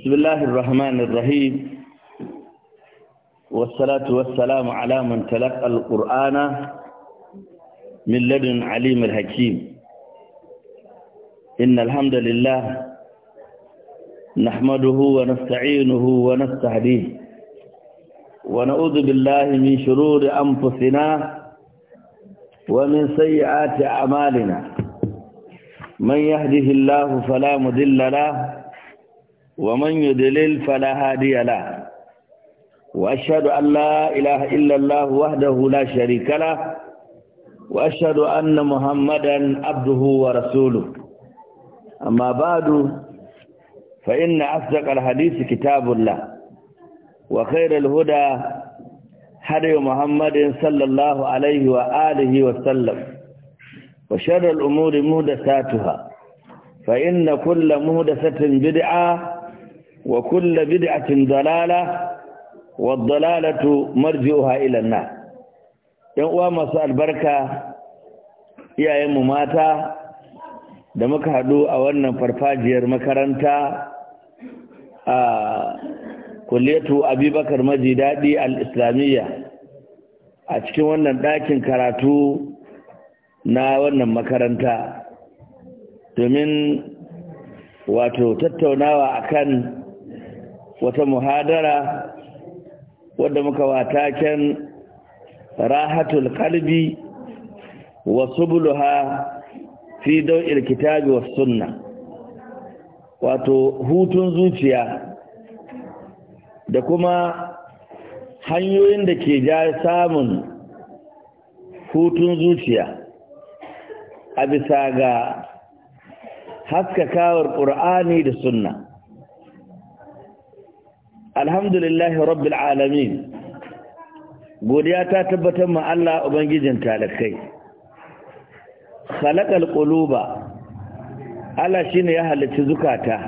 بسم الله الرحمن الرحيم والصلاة والسلام على من تلقى القرآن من لدن عليم الحكيم إن الحمد لله نحمده ونستعينه ونستهديه ونعوذ بالله من شرور أنفسنا ومن سيئات أعمالنا من يهده الله فلا مذل له ومن يدلل فلا هادي له وأشهد أن لا إله إلا الله وحده لا شريك له وأشهد أن محمدا عبده ورسوله أما بعد فإن أصدق الحديث كتاب الله وخير الهدى هدي محمد صلى الله عليه وآله وسلم وشر الأمور مهدساتها فإن كل مهدسة بدعة وكل بدعة ضلالة والضلالة مرجعها إلى النار يوم مساء البركة يا يوم mata, da muka haɗu a wannan farfajiyar makaranta a kulletu abubakar maji daɗi al-islamiyya a cikin wannan ɗakin karatu na wannan makaranta domin wato tattaunawa a kan. wata muhadara wadda muka wataken rahatul kalbi wa subluha fi daw'il kitabi was sunna wato hutun zuciya da kuma hanyoyin da ke ja samun hutun zuciya a bisa ga haskakawar ƙur'ani da sunna alhamdulillahi rabbil alamin godiya ta tabbatar ma Allah ubangijin talakai khalaqal quluba Allah shine ya halicci zukata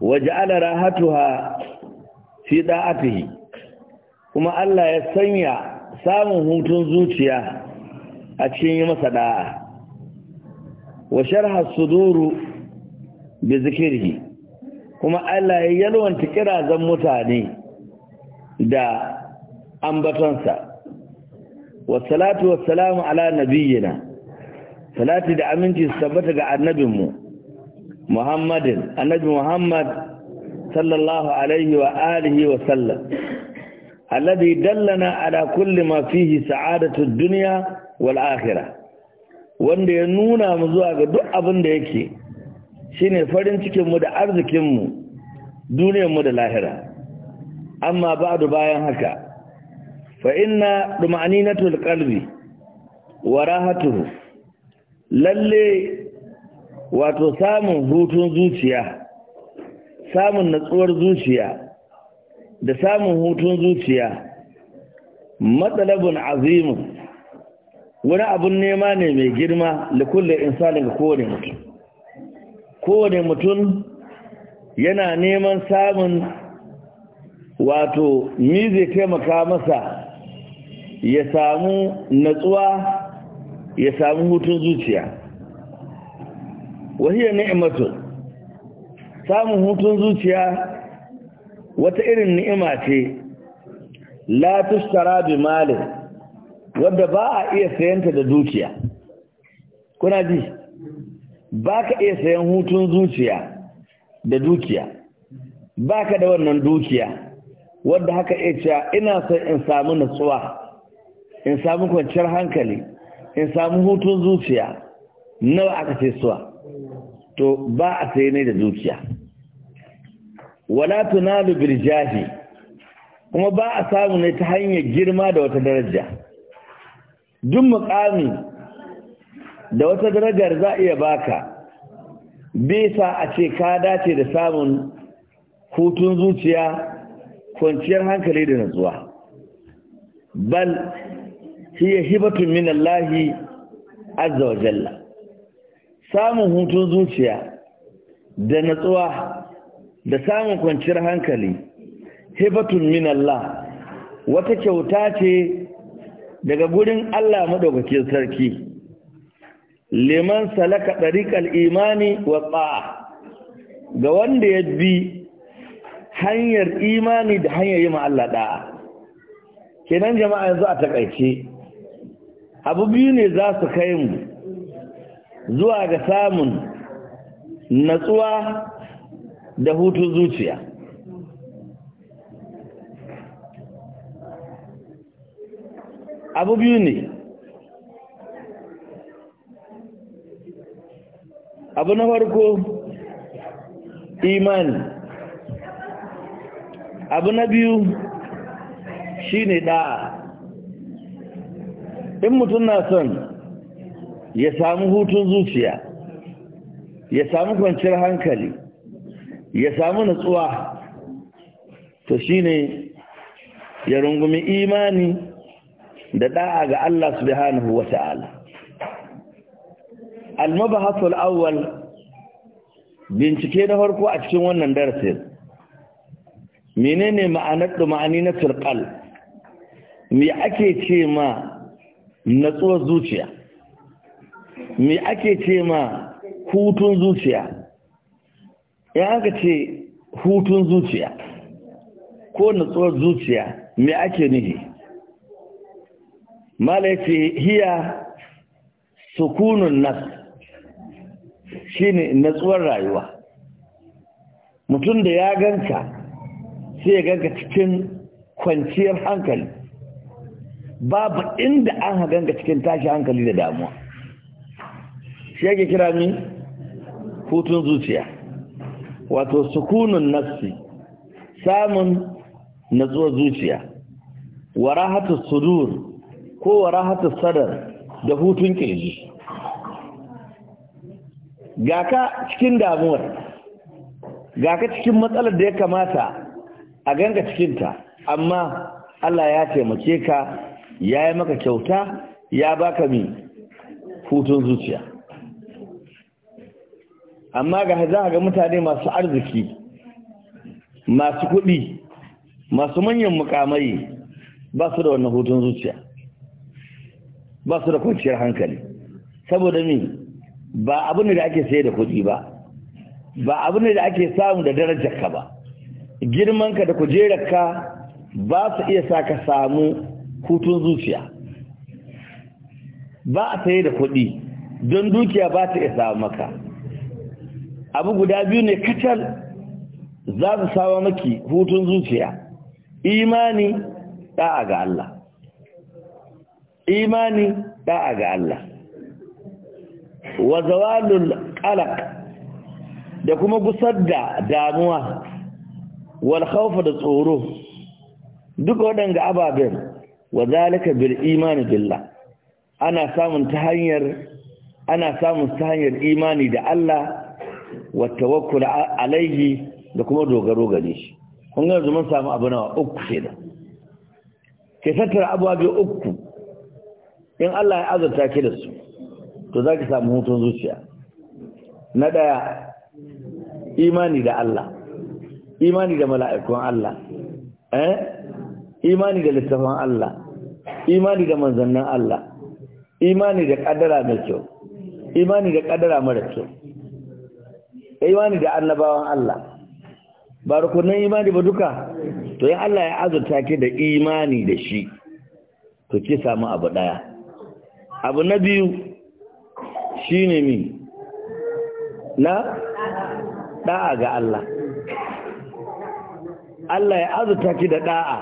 waja'ala rahatuha fi da'atihi kuma Allah ya sanya samun hutun zuciya a cikin yi masa da'a wa sharha suduru bi zikrihi kuma Allah ya yalwanta kirazan mutane da ambatonsa wassalatu wassalamu ala nabiyyina salati da aminci sabbata ga annabinmu Muhammadin annabi Muhammad sallallahu alaihi wa alihi wa sallam alladhi dallana ala kulli ma fihi sa'adatu ad-dunya wal akhirah wanda ya nuna mu zuwa ga duk abin da yake shine farin cikinmu da arzikinmu duniyarmu da lahira amma ba'du bayan haka fa inna na qalbi wa rahatuhu lalle wato samun hutun zuciya samun natsuwar zuciya da samun hutun zuciya matsalabin azimun wani abun nema ne mai girma da kulle insanin ga kowane mutum kowane mutum yana neman samun wato ni zai taimaka masa ya samu natsuwa ya samu hutun zuciya wahiyar ni'imatu samun hutun zuciya wata irin ni'ima ce la tushtara bi malin wadda ba a iya sayanta da dukiya kuna ji ba ka iya sayan hutun zuciya da dukiya ba ka da wannan dukiya wadda haka iya cewa ina son in samu natsuwa in samu kwanciyar hankali in samu hutun zuciya nawa aka sai suwa to ba a sai ne da dukiya wala tunalu birjahi. kuma ba a samu ne ta hanyar girma da wata daraja duk muƙamin da wata darajar za iya baka bisa a ce ka dace da samun hutun zuciya kwanciyar hankali da natsuwa bal hiya hibatun min lahi, azza wa jalla samun hutun zuciya da natsuwa da samun kwanciyar hankali hibatun min Allah wata kyauta ce daga gurin Allah madaukakin sarki liman salaka ɗariƙar imani wa tsa'a ga wanda ya bi hanyar imani da hanyar yi Allah ɗa'a kenan jama'a yanzu a takaice abu biyu ne za su kai mu zuwa ga samun natsuwa da hutun zuciya abu biyu ne abu na farko imani abu na biyu shi ne ɗa'a. in mutum na son ya samu hutun zuciya ya samu kwanciyar hankali ya samu natsuwa to ne ya rungumi imani da ɗa'a ga Allah subhanahu wata'ala almabahasul awwal bincike na farko a cikin wannan darasin menene ma'anar dumani na turqal me ake ce ma natsuwar zuciya me ake ce ma hutun zuciya in aka ce hutun zuciya ko natsuwar zuciya me ake nihi mala yace hiya sukunun nas shine natsuwar rayuwa mutum da ya ganka sai ya ganka cikin kwanciyar hankali babu inda an ganka cikin tashi hankali da damuwa shi yake kira ni hutun zuciya wato sukunin nafsi samun natsuwar zuciya wa rahatu sudur ko wa rahatu sadar da hutun kirji ga ka cikin damuwar ga ka cikin matsalar da ya kamata a ganga cikinta amma Allah ya taimake ka ya yi maka kyauta ya baka mi hutun zuciya amma ga za ga mutane masu arziki masu kuɗi masu manyan mukamai ba su da wannan hutun zuciya ba su da kwanciyar hankali saboda mi ba abin da ake sai da kuɗi ba ba abin da ake samu da darajarka ba girmanka da kujerarka ba su iya sa ka samu hutun zuciya ba a saye da kuɗi don dukiya ba ta iya samu maka abu guda biyu ne kacal za su samu maki hutun zuciya imani ɗa'a ga Allah imani ɗa'a ga Allah wa zawalul qalaq da kuma gusar da damuwa wal khawf da tsoro duka waɗanda ababen wa zalika bil imani billah ana samun ta hanyar ana samun ta hanyar imani da Allah wa tawakkul alaihi da kuma dogaro gare shi kun ga mun samu abu nawa uku da ke tattara abuwa uku in Allah ya azurta ki da su to za ki samu hutun zuciya na ɗaya imani da Allah imani da mala'ikun Allah eh imani da littafin Allah imani da manzannin Allah imani da ƙadara mai kyau imani da ƙadara mara kyau imani da annabawan Allah ba rukunin imani ba duka to yi Allah ya azurta ke da imani da shi to ki samu abu ɗaya abu na biyu shi ne mi na ɗa'a ga Allah Allah ya azuta ki da ɗa'a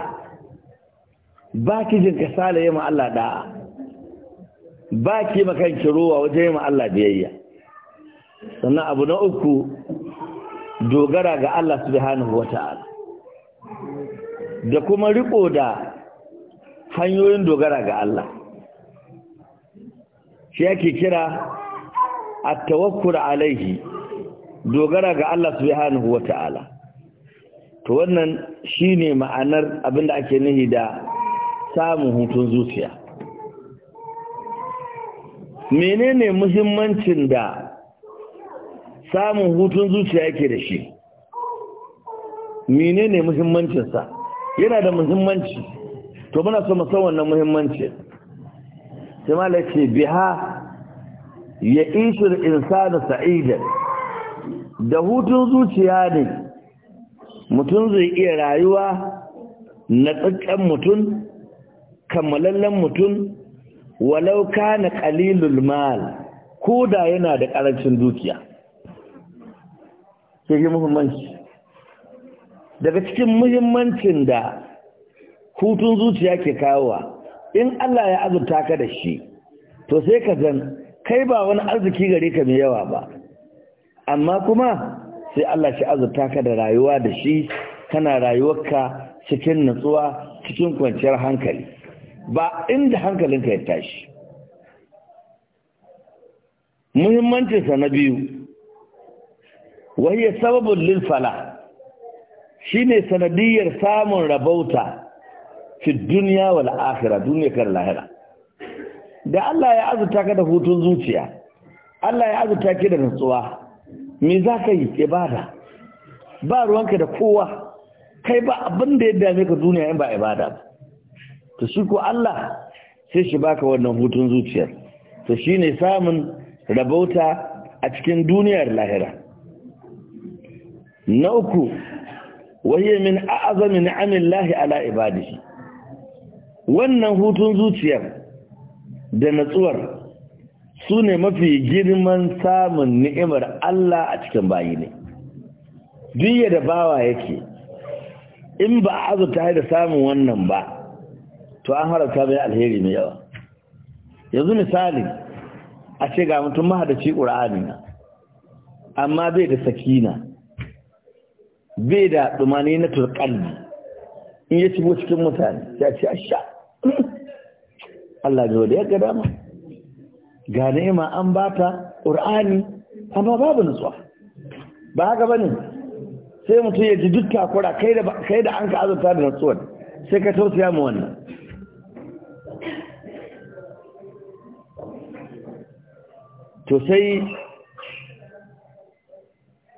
ba ki jin kasala yi ma Allah ɗa'a ba ki makanki ruwa wajen yi ma Allah biyayya sannan abu na uku dogara ga Allah subhanahu wa ta'ala da kuma riko da hanyoyin dogara ga Allah shi yake kira at alaihi dogara ga Allah subhanahu ta'ala, to wannan shine ma'anar abinda ake nihi da samun hutun zuciya menene muhimmancin da samun hutun zuciya yake da shi menene muhimmancinsa yana da muhimmanci to muna so mu san wannan muhimmanci sai malaka biha ya ishir insana Sa'idar da hutun zuciya ne mutum zai iya rayuwa na tsakkan mutum kammalallen mutum walau kana qalilul mal ko da yana da karancin dukiya sai muhimmanci daga cikin muhimmancin da hutun zuciya ke kawowa in Allah ya azurta ka da shi to sai ka zan kai ba wani arziki gare ka mai yawa ba amma kuma sai Allah shi azurta ka da rayuwa da shi kana rayuwarka cikin nutsuwa cikin kwanciyar hankali ba inda hankalinka ya tashi muhimmancinsa na biyu wahiyar sababin lilfala shi ne sanadiyar samun rabauta fi duniya wal duniya duniyar lahira da Allah ya azuta ka da hutun zuciya Allah ya azuta ki da nutsuwa me za ka yi ibada ba ruwanka da kowa kai ba abin da ya dame ka duniya in ba ibada ba to shi ko Allah sai shi baka wannan hutun zuciyar to shine samun rabauta a cikin duniyar lahira na uku wahiyar min a azamin amin lahi ala ibadihi wannan hutun zuciyar da natsuwar su ne mafi girman samun ni'imar Allah a cikin bayi ne Duyya da bawa yake in ba a azurta da samun wannan ba to an harauta mai alheri mai yawa yanzu misali a ce ga mutum mahadaci ƙura'ani amma bai da sakina bai da ɗumani na turƙalbi in ya cikin mutane ya ce a sha Allah bai wada ya ga dama ga ni'ima an ba ta ƙur'ani amma babu nutsuwa ba haka ne? sai mutum ya ji duk takura kai da an ka azurta da nutsuwa sai ka tausaya mu wannan to sai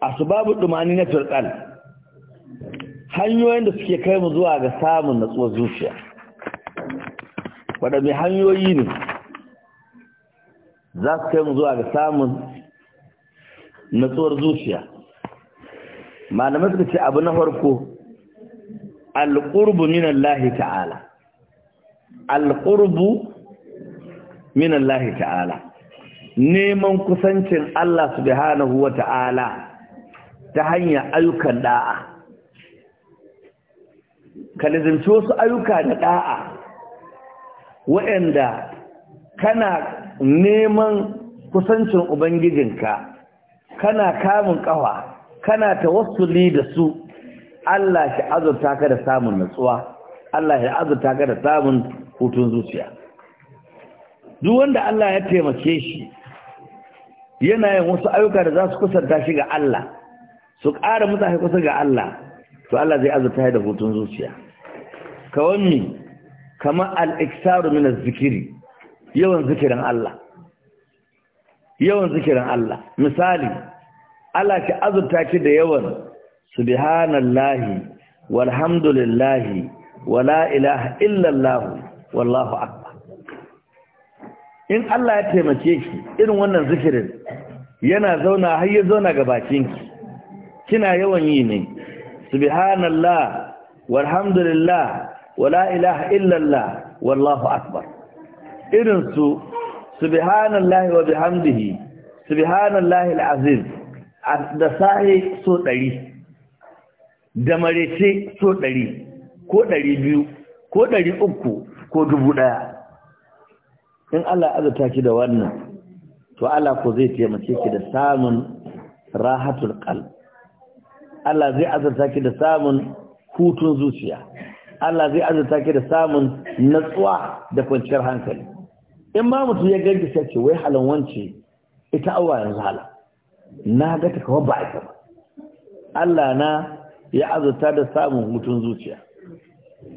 asbabu dumani na turqal hanyoyin da suke kai mu zuwa ga samun natsuwar zuciya waɗanne hanyoyi ne za su kai mu zuwa ga samun natsuwar zuciya malamai suka ce abu na farko alƙurbu minan lahi ta'ala alƙurbu minan lahi ta'ala neman kusancin Allah su subhanahu wa ta'ala ta hanyar ayyukan da'a ka wasu ayyuka da da'a waɗanda kana neman kusancin ubangijinka kana kamun ƙawa kana ta wasu da su Allah shi azurta ka da samun natsuwa Allah shi azurta ka da samun hutun zuciya duk wanda Allah ya taimake shi yana yin wasu ayyuka da za su kusanta shi ga Allah su ƙara mutane kusa ga Allah to Allah zai azurta da hutun zuciya wani. kamar al'iksaru min zikiri yawan zikirin Allah yawan zikirin Allah misali Allah ki azurta ki da yawan subhanallahi walhamdulillahi wala ilaha illallah wallahu akbar in Allah ya taimake ki irin wannan zikirin yana zauna har ya zauna ga bakinki kina yawan yi ne subhanallah walhamdulillah wala ilaha illallah wallahu akbar irin su subhanallahi wa bihamdihi subhanallahi alazim da sahi so ɗari da marece so ɗari ko ɗari biyu ko ɗari uku ko dubu ɗaya in Allah azata ki da wannan to Allah ko zai taimake ki da samun rahatul qal Allah zai azata ki da samun hutun zuciya Allah zai azurta ki da samun natsuwa da kwanciyar hankali in ma mutum ya ganki sai ce wai halan wance ita awa yanzu hala na ga ta kawai ba ita ba Allah na ya azurta da samun hutun zuciya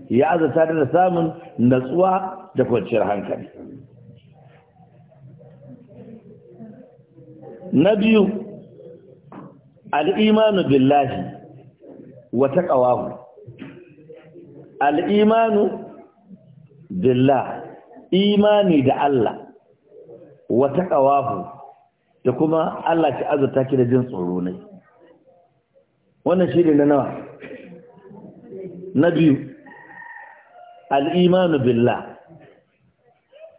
ya azurta da samun natsuwa da kwanciyar hankali na biyu al'imanu billahi wa taqawahu al'imanu dilla imani da Allah wata ƙawafu da kuma Allah ke azurta ki da jin tsoro ne wannan shi ne na nawa na biyu al'imanu dilla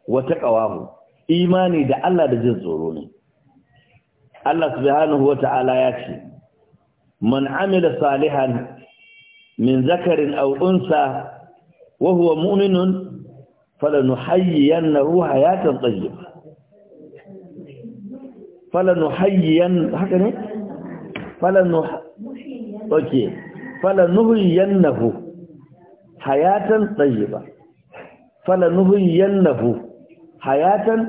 wata ƙawafu imani da Allah da jin tsoro ne Allah subhanahu wa ta'ala ya ce man amila salihan min zakarin aw unsa wa huwa mu'minun falanuhayyiyannahu hayatan tayyiba haka ne hayatan tayyiba hayatan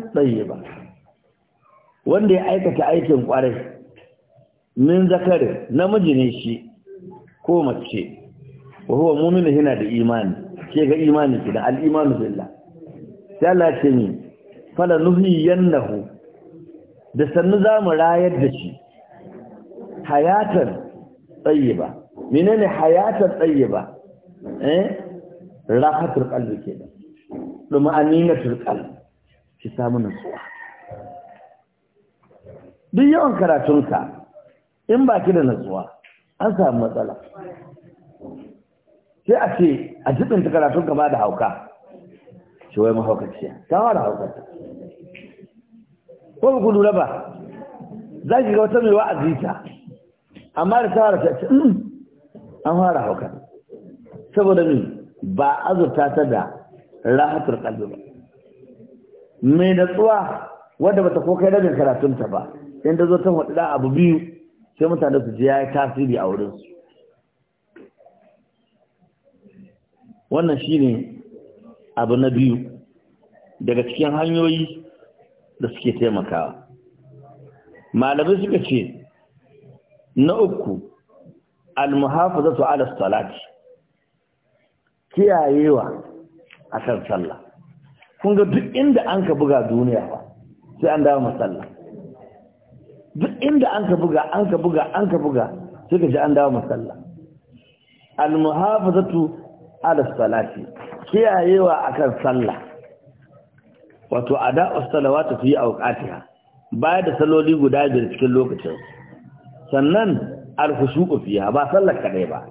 wanda ya aikata aikin ƙwarai, min zakarin namiji ne shi ko mace wa huwa mu'minu yana da imani ke ga imani ke da al-imanu billah sai Allah ce ni fala nuhiyannahu da sannu zamu rayar da shi hayatan tayyiba menene hayatan tayyiba eh rahatul qalbi da. duma aminatul qalbi ki samu nutsuwa duk yawan karatunka in baki da nutsuwa an samu matsala sai a ce a jibin ta karatun gaba da hauka shi wai mahaukaciya ta wara haukata ko ku lura ba za ki ga wata mai wa'azi ta amma da ta wara ta ce mm, an fara hauka saboda ni ba azurta ta da rahatul qalbi ba mai natsuwa wadda bata ko kai rabin karatunta ba Idan ta zo ta hudu abu biyu sai mutane su ji ya yi tasiri a wurinsu wannan ne abu na biyu daga cikin hanyoyi da suke taimakawa malamai suka ce na uku almuhafazatu ala salati kiyayewa a kan sallah kun ga duk inda an ka buga duniya ba sai an dawo masalla duk inda an ka buga an ka buga an ka buga sai ka ji an dawo masalla almuhafazatu ala kiyayewa akan sallah wato ada salawatu fi awqatiha baya da saloli guda biyar cikin lokacin sannan al fiha ba sallar kadai ba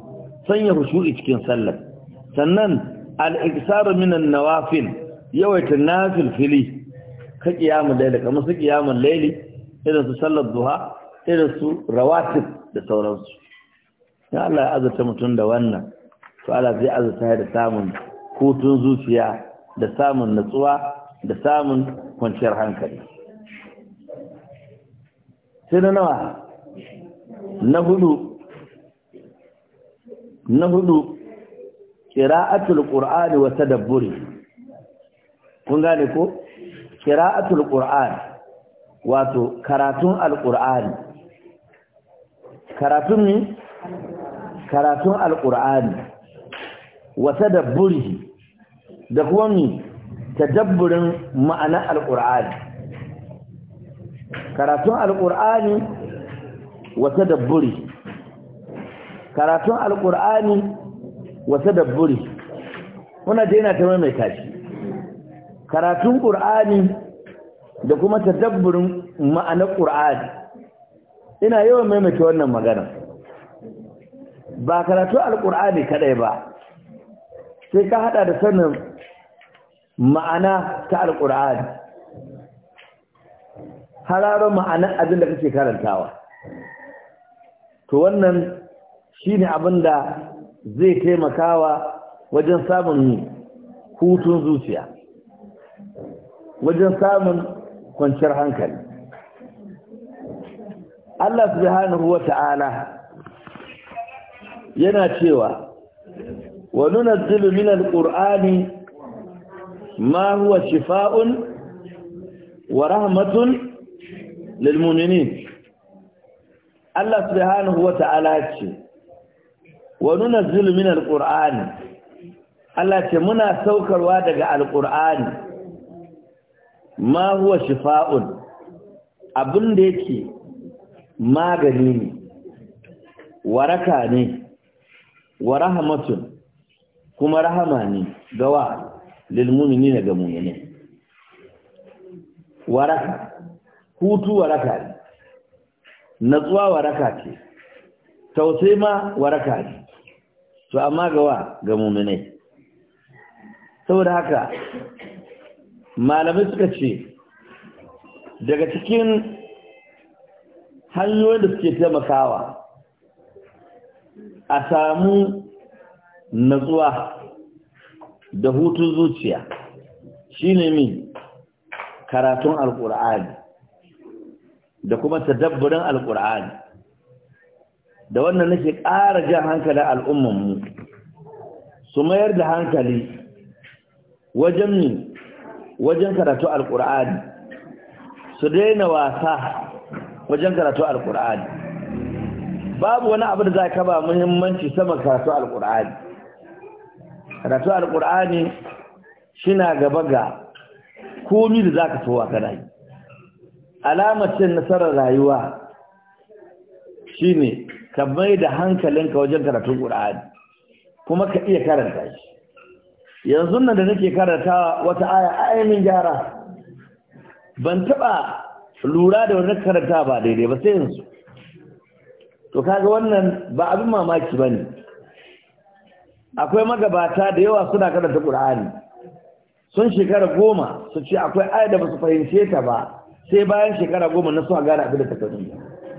sanya khushu'i cikin sallar sannan al-iksaru minan nawafil yawaita nafil fili ka kiyamu laili kamar su kiyamun laili irin su sallar duha irin su rawatib da sauransu ya Allah ya azurta mutum da wannan to Allah zai azurta da samun hutun zuciya da samun natsuwa da samun kwanciyar hankali sai na nawa na hudu na hudu kira'atul qur'ani wa tadabburi kun gane ko kira'atul qur'ani wato karatun alqur'ani karatun ne karatun alqur'ani wasa dabburi, da kuma mi tadabburin ma'anar alƙur'ani karatun alƙur'ani wasa da burhi karatun alƙur'ani wasa da burhi muna daina ta mai tashi karatun ƙur'ani da kuma tadabburin ma'anar ƙur'ani ina yawan maimaita wannan magana ba karatu ƙurani kaɗai ba sai ka hada da sanin ma'ana ta alkur'ani hararar ma'anar abin da kake karantawa to wannan shine abin da zai taimakawa wajen samun hutun zuciya wajen samun kwanciyar hankali Allah subhanahu wa ta'ala yana cewa wa nunazzilu min alqur'ani ma huwa shifaa'un wa rahmatun lil mu'minin Allah subhanahu wa ta'ala ce wa nunazzilu min alqur'ani Allah ce muna saukarwa daga Alƙur'ani, ma huwa shifaa'un abin da yake magani ne waraka ne wa rahmatun kuma rahama ne gawa lilmumini na ga mumini waraka hutu waraka ne natsuwa waraka ce tausai ma waraka ne to amma gawa ga muminai saboda haka malamai suka ce daga cikin hanyoyin da suke taimakawa a samu natsuwa da hutun zuciya shine mi karatun Alƙur'ani da kuma tadabburin Alƙur'ani, da wannan nake ƙara jan hankalin al'ummanmu su mayar da hankali wajen mi wajen karatu Alƙur'ani, su daina wasa wajen karatu Alƙur'ani, babu wani abu da za ka ba muhimmanci sama karatu Alƙur'ani. karatu alqur'ani shina gaba ga komi da zaka towa kana yi alamar cin nasarar rayuwa shine ka bai da hankalinka wajen karatun qur'ani kuma ka iya karanta shi yanzu nan da nake karanta wata aya ayyamin gyara ban taba lura da wani karanta ba daidai ba sai yanzu to kaga wannan ba abin mamaki bane akwai magabata da yawa suna karanta Qur'ani sun shekara goma su ce akwai ayar da basu fahimce ta ba sai bayan shekara goma na suka gara abin da ta kasu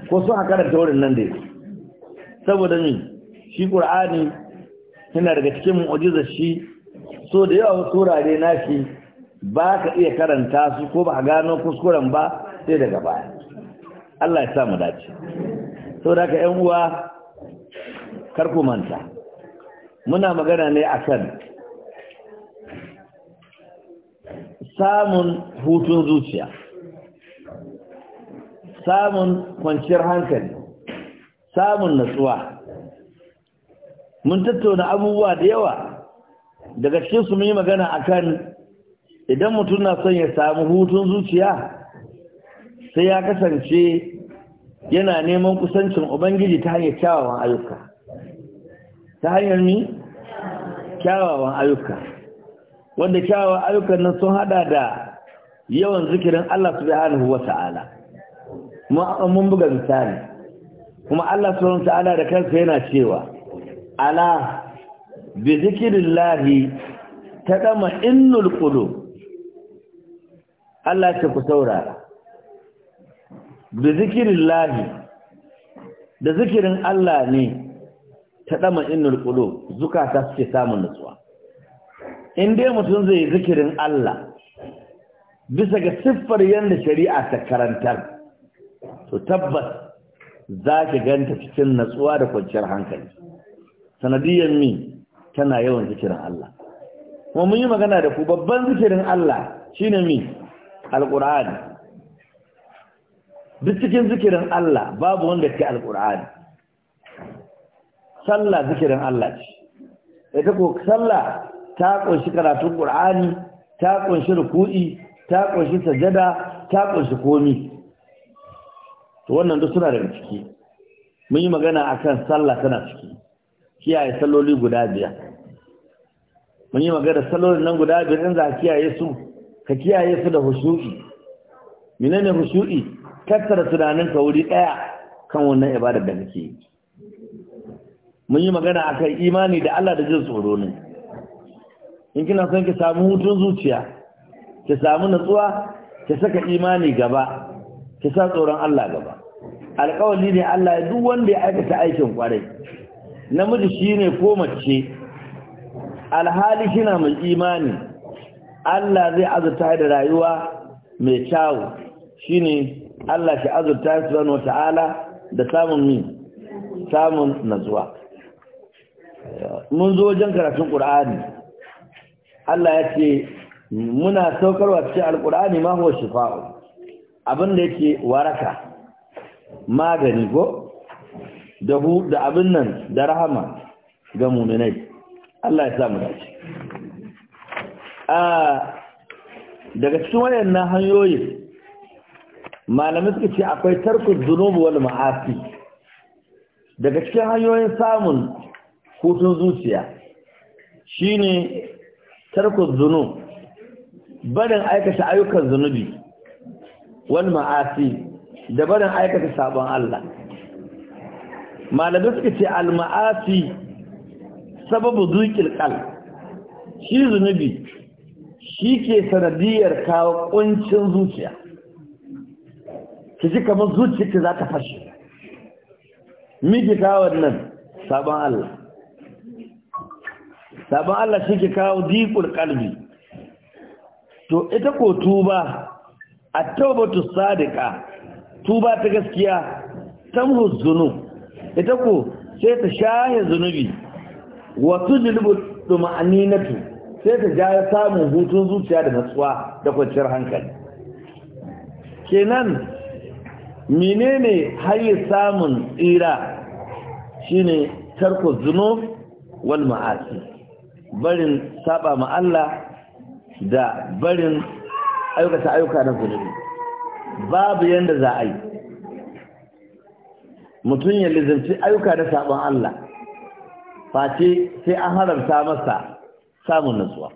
ko suka karanta wurin nan dai saboda ni shi Qur'ani yana daga cikin mu'jiza shi so da yawa turare na shi ba ka iya karanta su ko ba gano kuskuren ba sai daga baya Allah ya sa mu dace saboda ka ƴan uwa kar ku manta muna magana ne akan samun hutun zuciya samun kwanciyar hankali samun natsuwa mun tattauna abubuwa da yawa daga cikin su mun yi magana akan idan mutum na son ya samu hutun zuciya sai ya kasance yana neman kusancin ubangiji ta hanyar kyawawan ayyuka ta hanyar ni kyawawan ayyuka wanda kyawawan ayyukan nan sun hada da yawan zikirin Allah subhanahu wata'ala mun buga misali kuma Allah subhanahu ta'ala da kansa yana cewa ala bi zikrillahi tadama innul qulub Allah ce ku saurara bi zikrillahi da zikirin Allah ne ta dama innul qulub zukata suke samun nutsuwa in dai mutum zai zikirin Allah bisa ga siffar yanda shari'a ta karantar to tabbas za ki ganta cikin natsuwa da kwanciyar hankali sanadiyar mi tana yawan zikirin Allah kuma mun yi magana da ku babban zikirin Allah shine mi alqur'ani duk cikin zikirin Allah babu wanda ke alqur'ani sallah zikirin Allah ce ita ko sallah ta kunshi karatun Qur'ani ta kunshi ruku'i ta kunshi sajada ta kunshi komi to wannan duk suna daga ciki mun yi magana akan sallah tana ciki kiyaye salloli guda biyar mun yi magana sallolin nan guda biyar in za ka kiyaye su ka kiyaye su da hushu'i menene hushu'i tunanin ka wuri daya kan wannan ibadar da kake yi mun yi magana a kan imani da Allah da jin tsoro ne in kina son ki samu hutun zuciya ki samu natsuwa ki saka imani gaba ki sa tsoron Allah gaba alƙawari ne Allah ya duk wanda ya aikata aikin kwarai namiji shi ne ko mace alhali kina mai imani Allah zai azurta da rayuwa mai kyawu Shi ne Allah shi azurta subhanahu wataala da samun min samun natsuwa mun zo wajen karatun ƙur'ani Allah ya ce muna saukarwa cikin alƙur'ani ma huwa shifa'u abin da yake waraka magani ko da da abin nan da rahama ga muminai Allah ya sa mu dace a daga cikin wayannan hanyoyi malamai suka ce akwai tarku dhunubi wal ma'asi daga cikin hanyoyin samun hutun zuciya shine tarkon zunu barin aikata ayyukan zunubi wani ma'asi da barin aikata sabon Allah malamai suka ce al ma'asi sababu zuqil ƙal shi zunubi shi ke sanadiyar kawo kuncin zuciya ki ji kamar zuciya za ta fashe miki kawo nan sabon Allah sabon Allah shi ke kawo dikul ƙalbi to ita ko tuba a taubatu sadiqa tuba ta gaskiya tamhu zunub ita ko sai ta shaye zunubi wa tujlibu duma'aninatu sai ta ja samun hutun zuciya da natsuwa da kwanciyar hankali kenan menene hayi samun tsira shine tarko zunub wal ma'asi barin saba ma Allah da barin aikata ayyuka na zunubi babu yanda za a yi mutum ya lizanci ayyuka na sabon Allah face sai an haramta masa samun nutsuwa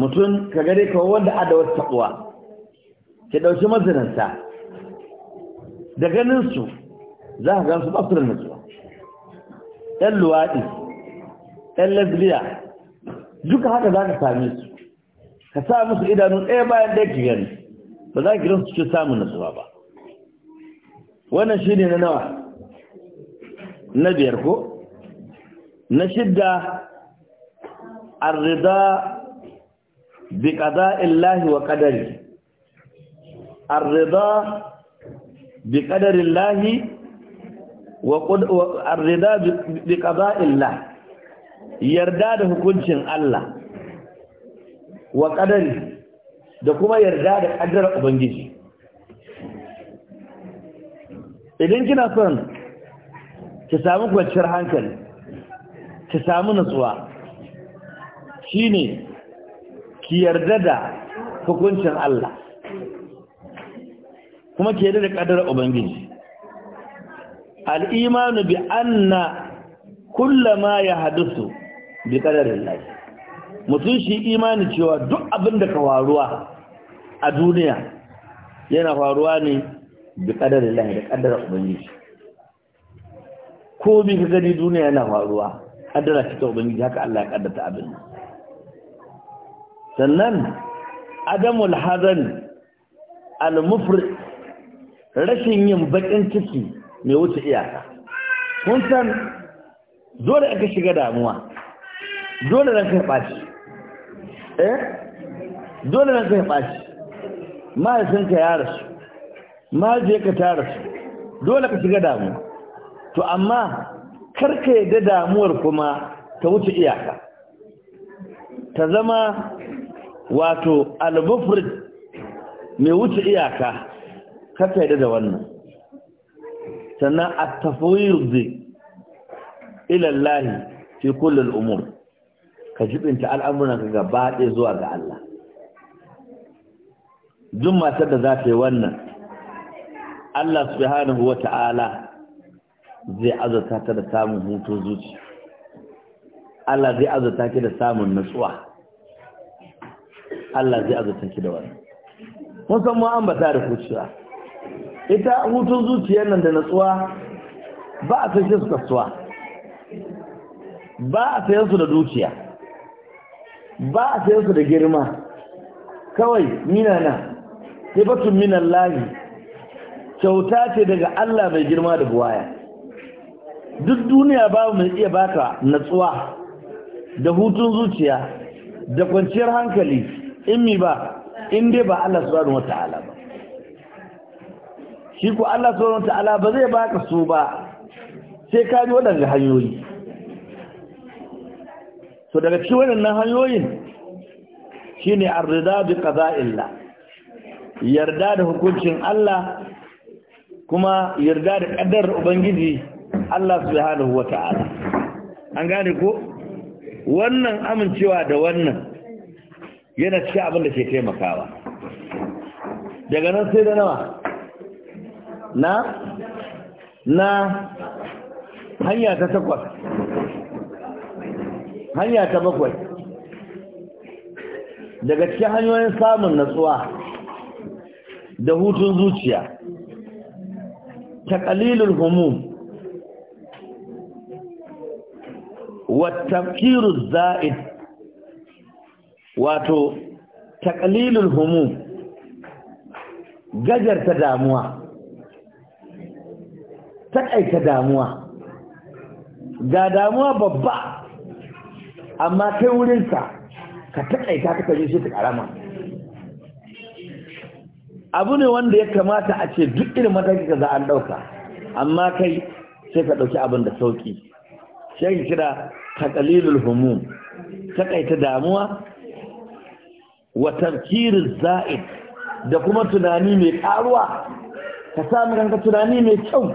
mutum ka gare kawai wanda wata taɓuwa ke ɗauki mazinanta da ganinsu za a gansu ba su nutsuwa ɗan luwaɗi ɗan lasbiya duka haka za ka same su ka sa musu idanu ɗaya bayan ɗaya ki gani ba za ki ran su ce samun nasuwa ba wannan shi ne na nawa na biyar ko na shidda arrida bi qada'illahi wa arrida bi wa yarda da hukuncin Allah wa ƙadari da kuma yarda da ƙadar Ubangiji. Idan kina son ki samu kwanciyar hankali, ki samu nutsuwa, shine ki yarda da hukuncin Allah, kuma ki yarda da ƙadar Ubangiji. Al'imanu bi anna kullama ya bi kadarin mutum shi imani cewa duk abin da ka faruwa a duniya yana faruwa ne bi kadarin lahi da kaddara ubangiji ko bi ka gani duniya yana faruwa kaddara ta ubangiji haka Allah ya kaddata abin nan sannan adamul hazan al-mufrid rashin yin bakin ciki mai wuce iyaka kun san dole aka shiga damuwa dole ranka ya ɓaci eh dole ranka ya ɓaci mahaifinka ya rasu ka ta rasu dole ka shiga damuwa to amma karka yadda damuwar kuma ta wuce iyaka ta zama wato albufrid mai wuce iyaka karka yadda da wannan sannan a tafiye ilallahi fi kullum umar ka jibinta al'amuran ka gaba ɗaya zuwa ga Allah duk matar da za ta yi wannan Allah subhanahu wa ta'ala zai azurta ta da samun hutu zuci Allah zai azurta ki da samun nutsuwa Allah zai azurta ki da wannan mun san mu ambata da kuciya ita hutun zuciyar nan da nutsuwa, ba a sai su kasuwa ba a sayan su da dukiya ba a sayan su da girma kawai mina minana sifatun minan lahi kyauta ce daga Allah mai girma da buwaya duk duniya babu mai iya baka natsuwa da hutun zuciya da kwanciyar hankali in mi ba in dai ba Allah subhanahu wata'ala ba shi ku Allah subhanahu wata'ala ba zai baka su ba sai ka yi waɗanda hanyoyi so daga cikin waɗannan hanyoyin shine ar-rida bi qada'illah yarda da hukuncin Allah kuma yarda da ƙaddar ubangiji Allah subhanahu wata'ala an gane ko wannan amincewa da wannan yana cikin abin da ke taimakawa daga nan sai da nawa na na hanya ta takwas hanya ta bakwai daga cikin hanyoyin samun natsuwa da hutun zuciya ta kalilul humum wattakiru za'id wato taqlilul humum gajarta damuwa ta damuwa ga damuwa babba amma kai wurinsa ka taƙaita ka kaje shi ta ƙarama abu ne wanda ya kamata a ce duk irin mataki ka za an ɗauka amma kai sai ka ɗauki abin da sauƙi ka kira taƙalilul humum taƙaita damuwa wa tafkirin za'id da kuma tunani mai ƙaruwa ka samu kanka tunani mai kyau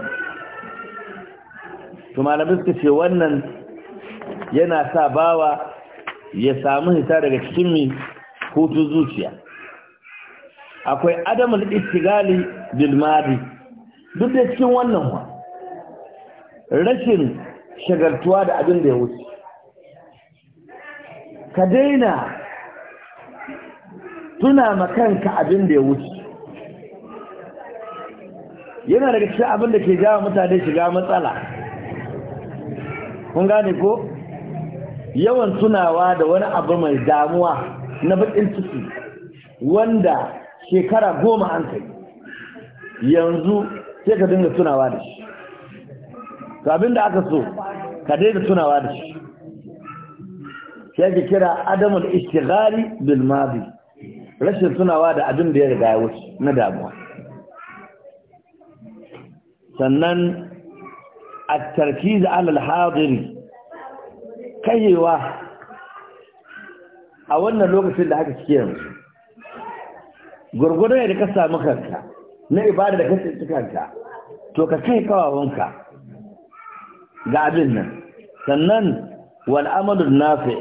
to suka ce wannan yana sa bawa ya samu hita daga cikin mi hutu zuciya akwai adamul istigali bil madi duk da cikin wannan wa rashin shagaltuwa da abin da ya wuce ka daina tuna makanka abin da ya wuce yana daga cikin abin da ke jawo mutane shiga matsala kun gane ko yawan tunawa da wani abu mai damuwa na bakin ciki wanda shekara goma an kai yanzu sai ka dinga tunawa da shi to abin da aka so ka daina tunawa da shi sai ka kira adamul ishtighali bil madi rashin tunawa da abin da ya riga ya wuce na damuwa sannan at-tarkiz ala hadiri kayewa a wannan lokacin da aka cike yanzu gurgurai da ka samu kanka na ibada da ka tsinci kanka to ka kai kawawanka ga abin nan sannan wal nafi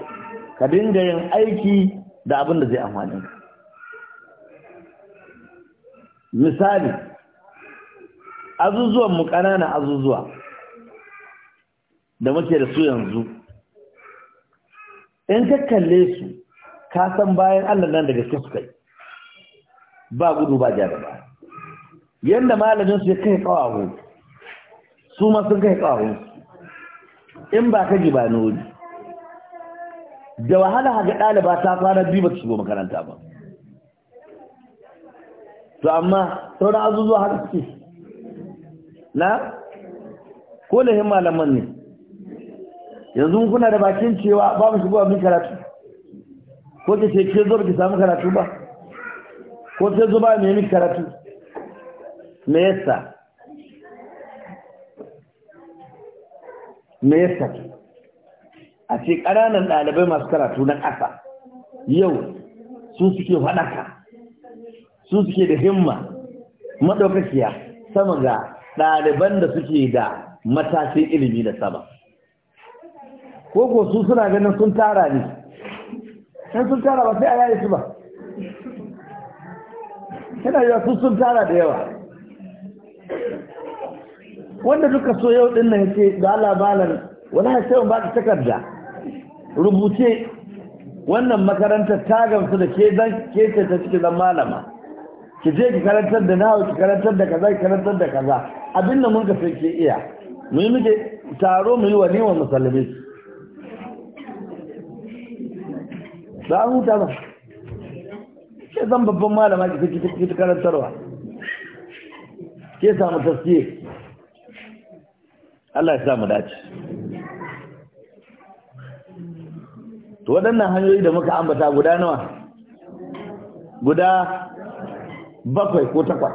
ka dinga yin aiki da abin da zai amfani misali azuzuwan mu ƙananan azuzuwa da muke da su yanzu in ka kalle su ka san bayan Allah nan daga suka yi ba gudu ba jaba ba yanda malamin su ya kai kawawo su ma sun kai kawawo in ba ka giba ba wuri da wahala ga ɗaliba ta fara biyu ba makaranta ba to amma sauran azuzuwa haka suke na ko lahin malaman ne yanzu kuna da bakin cewa ba mu shigo mun karatu ko ta ce ke zo ki samu karatu ba ko ta zo ba yi miki karatu me yasa me yasa a ce ƙananan ɗalibai masu karatu na ƙasa yau su suke faɗaka su suke da himma madaukakiya sama ga ɗaliban da suke da matashin ilimi da sama ko ko su suna ganin sun tara ne sai sun tara ba sai a yaye su ba yana yi su sun tara da yawa wanda duka so yau din nan yake da Allah balan wala ya sai ba ta takarda rubuce wannan makarantar ta gamsu da ke zan ke ce ta cikin zan malama ki je ki karantar da nawa ki karantar da kaza ki karantar da kaza abin da mun ka sai ke iya mu yi muke taro mu yi wa neman musulmi ba an huta ba ke zan babban malama ke kake kake ta karantarwa ke samu tasfiye Allah ya sa mu dace to waɗannan hanyoyi da muka ambata guda nawa guda bakwai ko takwa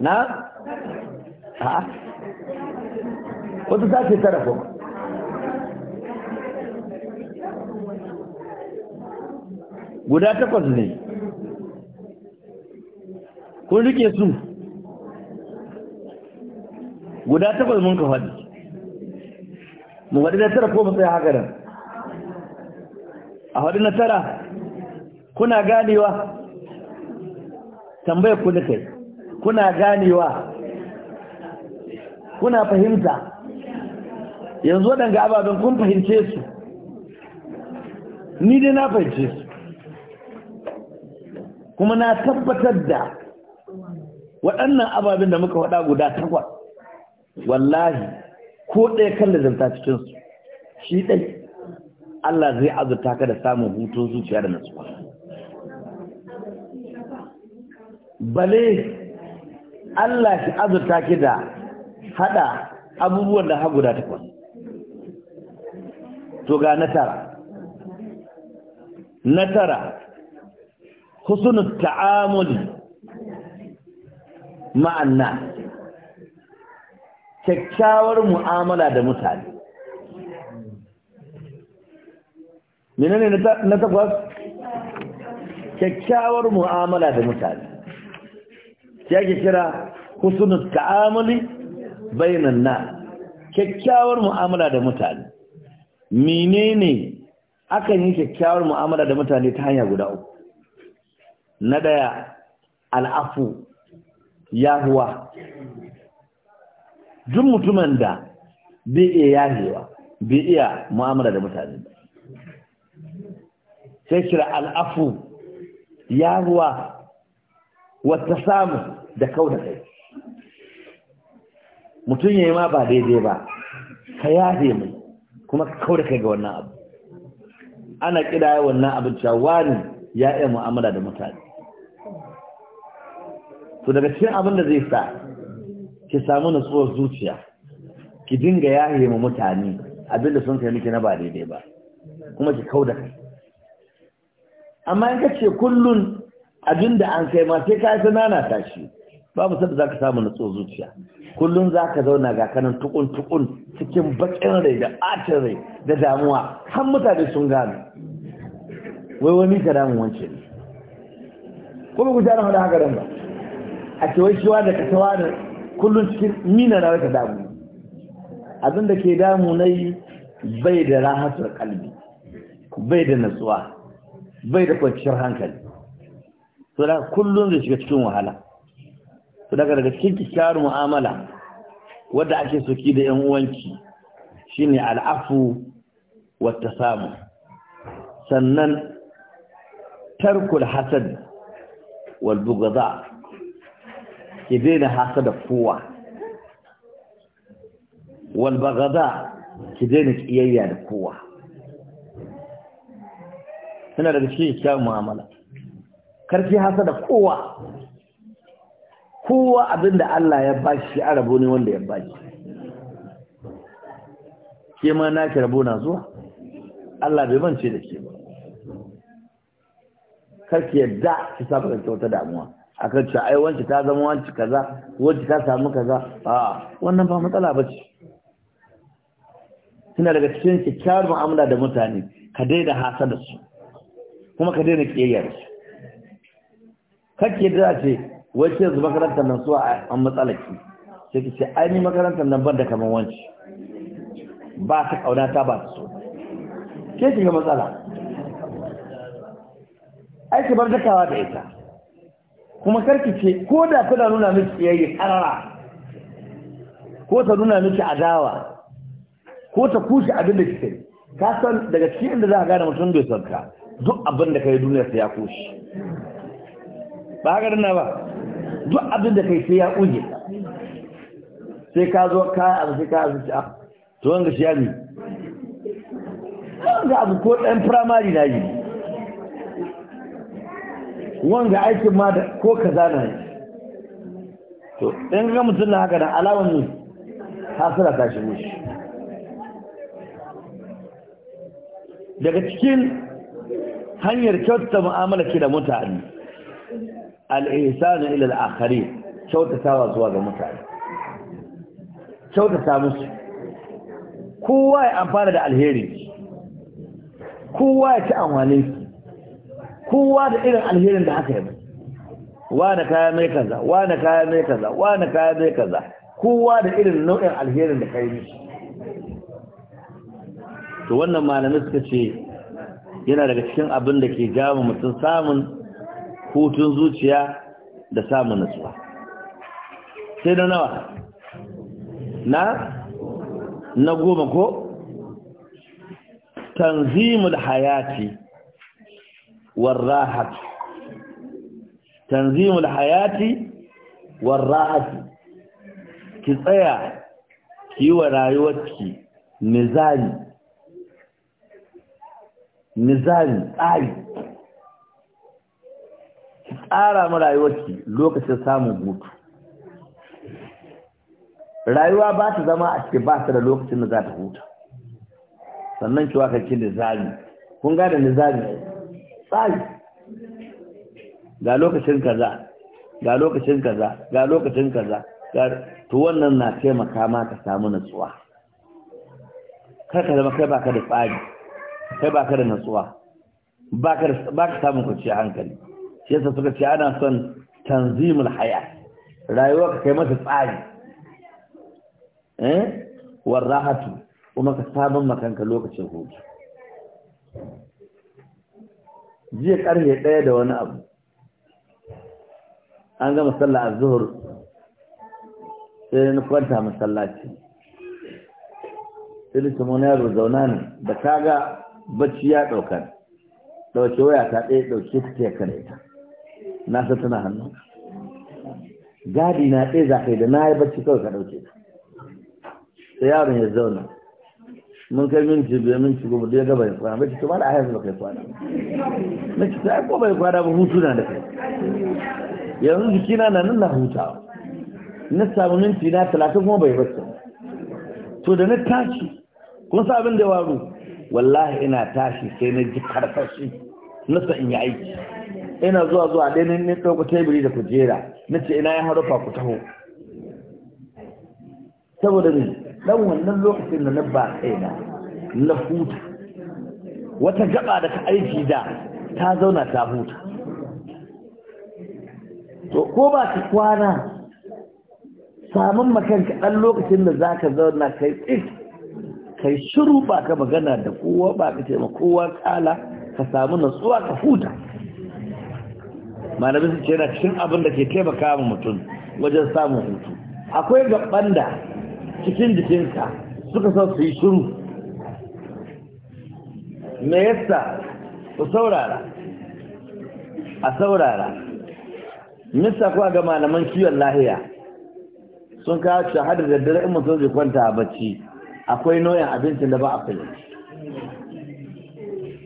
na ha wata ta ce tara kuma guda takwas ne kun rike su guda takwas mun ka faɗi mu faɗi na tara ko mu tsaya haka nan a faɗi na tara kuna ganewa tambayar ku kai kuna ganewa kuna fahimta yanzu waɗanda ababen kun fahimce su ni dai na fahimce su kuma na tabbatar da waɗannan ababen da muka faɗa guda takwas wallahi ko ɗaya kan lazarta cikinsu shi ɗai Allah zai azurta ka da samun hutun zuciya da nasuwa bale Allah shi azurta ki da haɗa abubuwan da ha guda takwas to ga na tara na tara husnul ta'amul ma'anna kyakkyawar mu'amala da mutane menene na takwas kyakkyawar mu'amala da mutane ya ke kira husnul ta'amuli bainan na kyakkyawar mu'amala da mutane menene akan yi kyakkyawar mu'amala da mutane ta hanya guda uku na ɗaya al'afu yahuwa duk mutumin da bai iya yahewa bai iya mu'amala da mutane sai kira al'afu yahuwa wata samu da kau da kai mutum ya yi ma ba daidai ba ka yahe mai kuma ka kau da kai ga wannan abu ana kira wannan abin cewa wani ya iya mu'amala da mutane to daga cikin abin da zai sa ki samu nutsuwar zuciya ki dinga yahe mu mutane abinda sun kai miki na ba daidai ba kuma ki kauda kai amma in ka ce kullun abinda an kai ma sai ka yi sanana tashi babu sanda ka samu nutsuwar zuciya kullun zaka zauna ga kanan tukun tukun cikin bakin rai da ɓacin rai da damuwa har mutane sun gano. wai wani ka damu wance ne kuma ku jana haka ba a cewar shiwa da kasawa da kullum cikin mina na wata damu abin da ke damu na yi bai da rahatar kalbi bai da natsuwa bai da kwanciyar hankali So da kullum zai shiga cikin wahala so daga daga cikin kyakkyawar mu'amala wadda ake soki da yan uwanki shine al'afu wata samu. sannan tarkul hasad wal bughdha Ki daina hasada kowa wal bagada ki daina kiyayya da kowa suna daga cikin kyawun mu'amala karfi hasada kowa kowa abinda Allah ya bashi a rabo ne wanda ya bashi ke ma na ki rabo na zuwa Allah bai mance da ke ba karki yadda ki saba da kyauta damuwa akan cewa ai wanci ta zama wanci kaza wanci ta samu kaza a'a wannan ba matsala ba ce suna daga cikin kyakkyawar mu'amala da mutane ka daina hasa da su kuma ka daina kiyayya da su kake da ce wai yanzu makarantar nan su an matsala ki sai ki ce ai ni makarantar nan ban da kamar wanci ba ta kauna ta ba ta so ke shiga matsala ai ki bar dakawa da ita kuma karki ce ko da tana nuna miki yayi karara ko ta nuna miki adawa ko ta kushe abin da kike ka san daga cikin inda za ka gane mutum bai son ka duk abin da kai duniya sai ya kushe ba ga dana ba duk abin da kai sai ya kuje sai ka zo ka abu sai ka zo ci to wanga shi ya ne ga abu ko ɗan primary na yi wanga aikin ma da ko ka zana ne to in ga mutum na haka da alawan ne hasira ta shigo mushi daga cikin hanyar kyauta mu'amala ke da mutane al'isanu ila al'akari kyautatawa zuwa ga mutane kyautata musu kowa ya amfana da alheri kowa ya ci amfani su kowa da irin alherin da aka yi mai wane kaya mai kaza wane kaya mai kaza wane kaya mai kaza kowa da irin nau'in alherin da kai mishi to wannan malamai suka ce yana daga cikin abin da ke jawo mutum samun hutun zuciya da samun nutsuwa sai da nawa na na goma ko tanzimul hayati والراحة تنظيم الحياة والراحة ki tsaya ki wa rayuwarki mizani mizani tsari ki tsara ma rayuwarki lokacin samun hutu rayuwa ba ta zama a cikin ba ta da lokacin da za ta huta sannan ki waka ki nizami kun gane nizami tsari ga lokacin kaza ga lokacin kaza ga lokacin kaza to wannan na taimaka ma ka samu natsuwa kar ka zama kai baka da tsari kai baka da natsuwa baka baka samu kwanciyar hankali shi yasa suka ce ana son tanzimul haya rayuwa ka kai masa tsari eh warahatu kuma ka samun makanka lokacin hutu jiya karfe ɗaya da wani abu an gama sallah zuhur. sai na kwanta masallaci sai da mun yaro zauna ne da kaga bacci ya ɗauka ɗauke waya ta ɗaya ɗauke ta ke kare ta na sa tana hannu gadi na ɗaya za ka yi da na yi bacci kawai ka ɗauke ta sai yaron ya zauna mun kai minti biyar minti goma da ya gaba ya kwana bacci to da a yanzu ba kai kwana na ci ta ko bai kwada ba hutu na da kai yanzu jikina na nan na hutawa na samu minti na talatin kuma bai bacci to da na tashi kun sa abin da waru wallahi ina tashi sai na ji karfashi na sa in yi aiki ina zuwa zuwa ɗaya ne ne ɗauka teburi da kujera na ce ina ya harufa ku taho saboda ni dan wannan lokacin da na ba kaina na huta wata gaba da ta aiki da ta zauna ta huta to ko ba ta kwana samun makanka ɗan lokacin da za ka zauna kai tsit kai shiru ba ka magana da kowa ba ka ce kowa kala ka samu natsuwa ka huta malamin su ce na cikin abin da ke taimaka wa mutum wajen samun hutu akwai gaban da cikin jikinka suka sau su yi shiru me yasa ku saurara a saurara mista kuwa ga malaman kiwon lahiya sun kawo shahadar da dare in mutum zai kwanta a bacci akwai nau'in abincin da ba a kula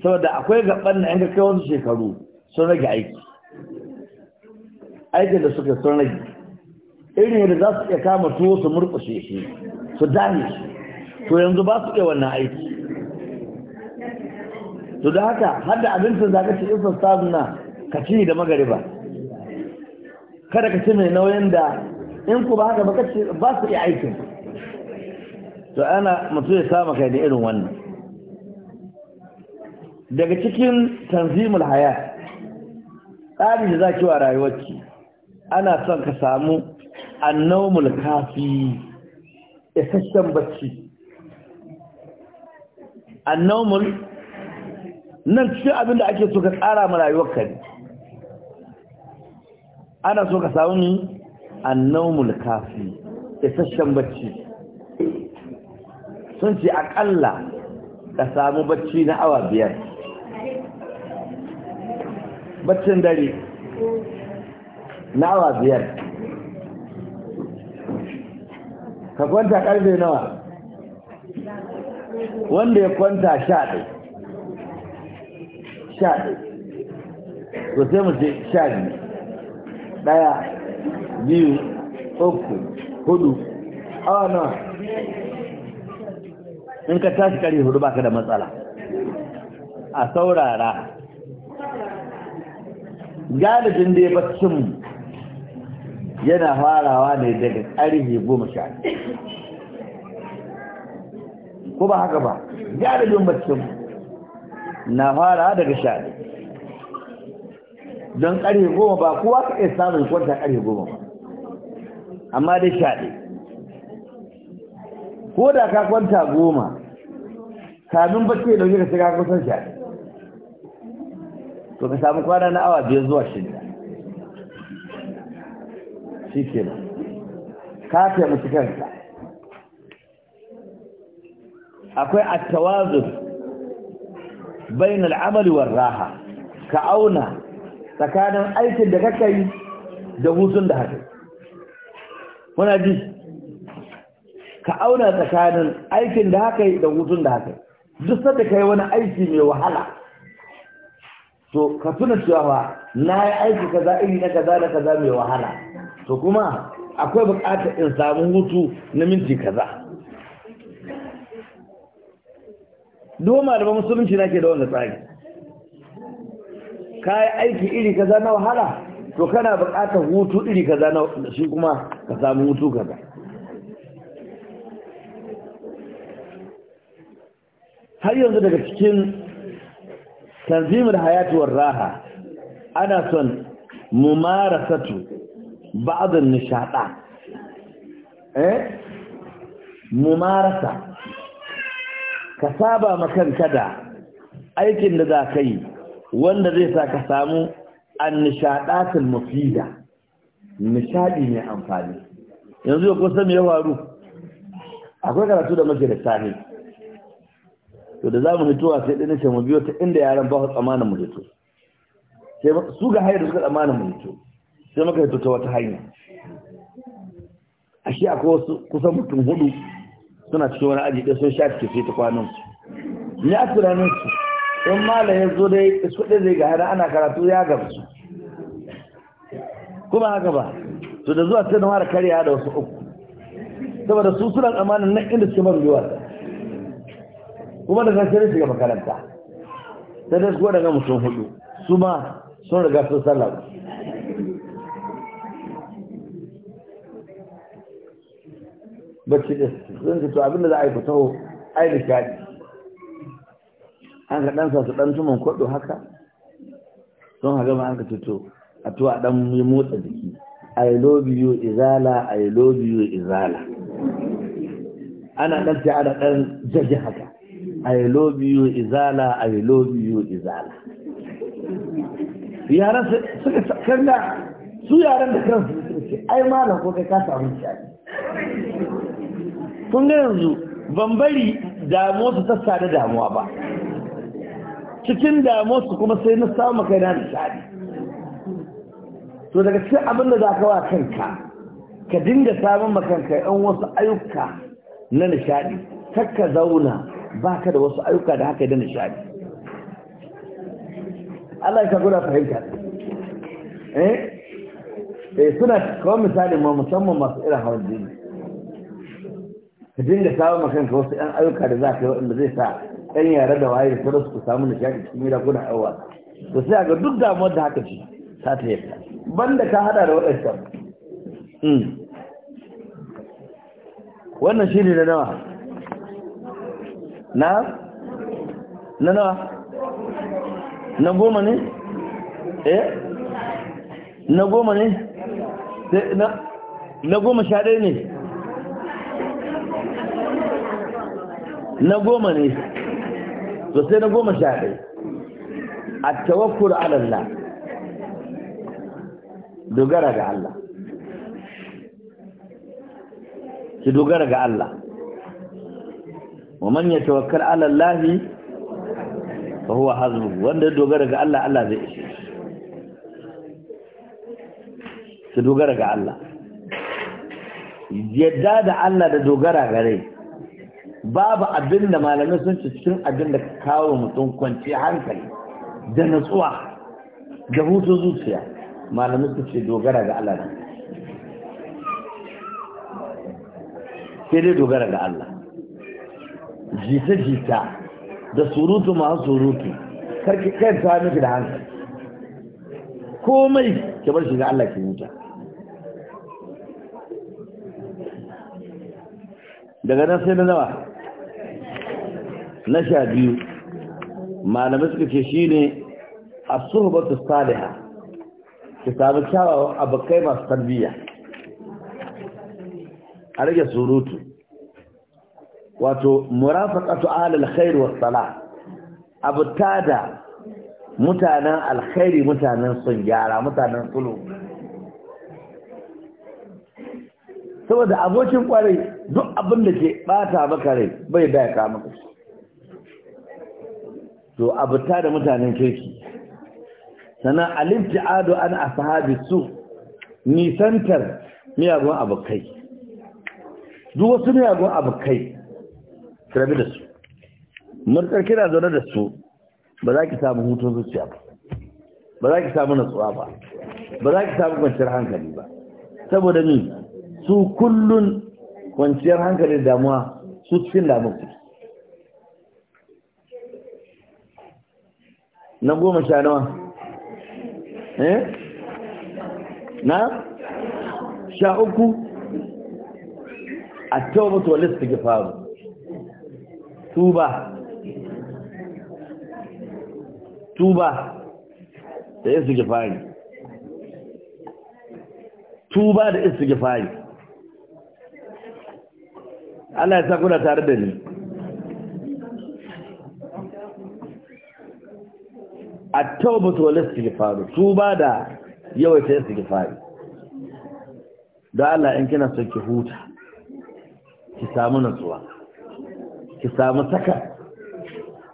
saboda akwai gaban na yanka kai wasu shekaru sun rage aiki aikin da suka sun rage irin yadda za su iya kama tuwo su murkushe shi su dame shi to yanzu ba su iya wannan aiki to da haka har da abincin za ka ci fasta zuna ka ci da magariba kada ka ci mai nauyin da in ku ba haka ba ka ci ba su iya aikin to ana mutum ya sa kai da irin wannan daga cikin tanzimul haya tsari da za ki wa rayuwarki ana son ka samu annaumul kafi isasshen bacci annaumul nan cikin abin da ake so ka tsara ma rayuwar ka ne ana so ka samu ni annawmul kafi isasshen bacci sun ce akalla ka samu bacci na awa biyar baccin dare na awa biyar ka kwanta karfe nawa wanda ya kwanta sha ɗaya sha ɗaya sai mu ce sha biyu ɗaya biyu uku hudu awa nawa in ka tashi kare hudu baka da matsala a saurara galibin da ya bacin yana farawa ne daga ƙarfe goma sha ko ba haka ba galibin bacin na fara daga sha don ƙarfe goma ba kuwa ka iya samun kwanta ƙarfe goma ba amma dai sha ko da ka kwanta goma kamin bacci ya dauke ka shiga kusan sha to ka samu kwana na awa biyar zuwa shida shi ke nan ka taimaki kanka akwai attawazun bainal amali war raha ka auna tsakanin aikin da kake yi da hutun da haka muna ji ka auna tsakanin aikin da haka yi da hutun da haka duk sanda kai wani aiki mai wahala to ka tuna cewa na yi aiki kaza iri na kaza da kaza mai wahala to kuma akwai bukatar in samu hutu na minti kaza duk malaman musulunci nake da wanda tsari Ka yi aiki iri kaza na wahala to kana bukatar hutu iri kaza na shi kuma ka samu hutu kaza har yanzu daga cikin tanzimin hayatuwar raha ana son mu mumarasatu ba'adun nishada eh marasa ka saba ma kanka da aikin da za ka yi wanda zai sa ka samu nishadatul mufida nishadi mai amfani yanzu ko san ya faru akwai karatu da muke da sani to da zamu a sai dai ce mu biyo ta inda yaran ba su tsamanin mu hito sai su ga hayar suka tsamanin mu hito sai muka fito ta wata hanya ashe akwai wasu kusan mutum hudu suna cikin wani aji ɗaya sun sha ciki sai ta kwanan su ni a tunanin su in mala ya zo da su ɗin zai ga hada ana karatu ya gaba su kuma haka ba to da zuwa sai na mara karya da wasu uku saboda su suna tsamanin nan inda suke mara biyuwa kuma da kan shirin shiga makaranta ta da su daga mutum hudu su ma sun riga sun sallah bacci da sun ce to abin da za a yi fito ai da shaɗi an ka ɗansa su ɗan tumin kwaɗo haka sun haga ma an ka fito a to a ɗan yi motsa jiki I love you izala I love you izala ana ɗan ta ana ɗan jaji haka I love you izala I love you izala yaran suka kanga su yaran da kansu suka ce ai malam ko kai ka samu shaɗi kun ga yanzu ban bari damuwa su tassa da damuwa ba cikin damuwa su kuma sai na samu kai na nishaɗi to daga cikin abin da za ka wa kanka ka dinga samun makanka yan wasu ayyuka na nishaɗi takka zauna baka da wasu ayyuka da haka da nishaɗi Allah ya kagura fahimta eh eh suna kawai misali ma musamman masu irin hawan jini ka dinga samun ka wasu yan ayyuka da za ka yi waɗanda zai sa 'yan yare da waye da sauransu ku samu nishaɗi cikin gida kuna aiwa to sai ga duk damuwar da haka ce ta ta yadda banda ka hada da waɗancan hmm. wannan shi ne na nawa na na nawa na goma ne eh na goma ne na goma sha ɗaya ne na goma ne to sai na goma sha ɗai a tawakkul alallah dogara ga Allah ki dogara ga Allah wa ya tawakkar ala Allah fa huwa hasbu wanda dogara ga Allah Allah zai ishe ki dogara ga Allah yadda da Allah da dogara gare babu abin da malamai sun ci cikin abin da kawo mutum kwanci hankali da nutsuwa. da hutun zuciya malamai su ce dogara ga Allah sai dai dogara ga Allah jita-jita da surutu masu surutu karki kai ta miki da hankali komai ke bar shi ga Allah ke huta daga nan sai na nawa na sha biyu malamai suka ce shi ne a suhubatu saliha ki sami kyawawan abokai masu tarbiyya a rage surutu wato murafaqatu ahlil khair was salah abuta da mutanen alkhairi mutanen sun gyara mutanen sulhu saboda abokin kwarai duk abin da ke ɓata maka rai bai da kama kashi to abuta da mutanen kirki sannan ado an sahabi su nisantar miyagun abokai duk wasu miyagun abokai rabi da su murkar kina zaune da su ba za ki samu hutun zuciya ba ba za ki samu natsuwa ba ba za ki samu kwanciyar hankali ba saboda ni su kullun kwanciyar hankali damuwa su cikin damuwa na goma sha nawa eh na sha uku a taubatu wa faru tuba tuba da fari tuba da fari Allah ya sa kuna tare da ni at-tawbatu wal istighfar tuba da yawaita istighfar dan Allah in kina so ki huta ki samu nutsuwa ki samu saka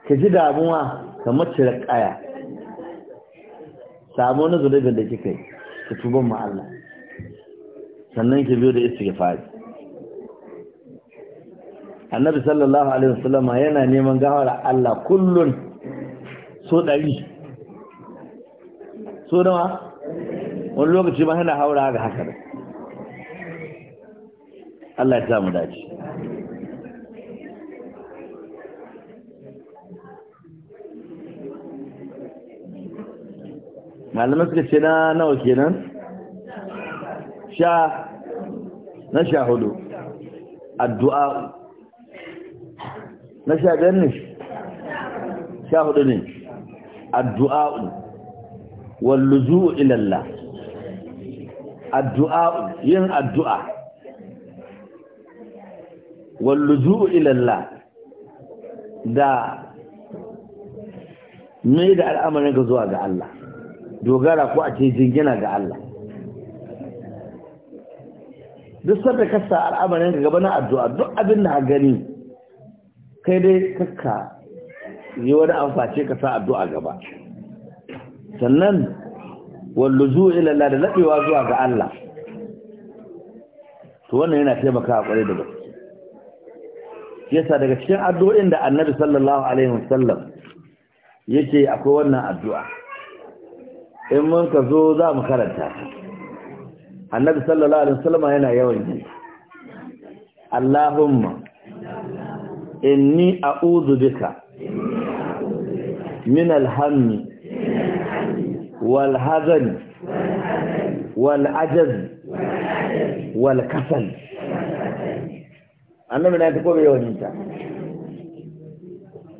ki ji damuwa kamar cire kaya samu wani zunubin da kike ki tuba ma Allah sannan ki biyo da istighfar annabi sallallahu alaihi wasallam yana neman gawar Allah kullun so dari so nawa wani lokaci ma yana haura ga haka da Allah ya samu dace malamai suka ce na nawa kenan sha na sha hudu addu'a na sha biyar ne sha hudu ne addu'a'u walluzu ilallah addu'a yin addu'a walluzu ilallah da mai da al'amarin ga zuwa ga Allah dogara ko a ce jingina ga Allah duk sabbe kasa al'amarin ga gaba na addu'a duk abin da gani kai dai kakka yi wani amface ka sa addu'a gaba sannan zuwa ilallah da laɓewa zuwa ga Allah to wannan yana taimakawa kwarai da gaske yasa daga cikin addu'o'in da annabi sallallahu alaihi wasallam yake akwai wannan addu'a in mun ka zo za mu karanta annabi sallallahu alaihi wasallam yana yawan yi Allahumma inni a'udhu bika min alhammi wal hazan wal ajaz annabi na ta bai yawan ta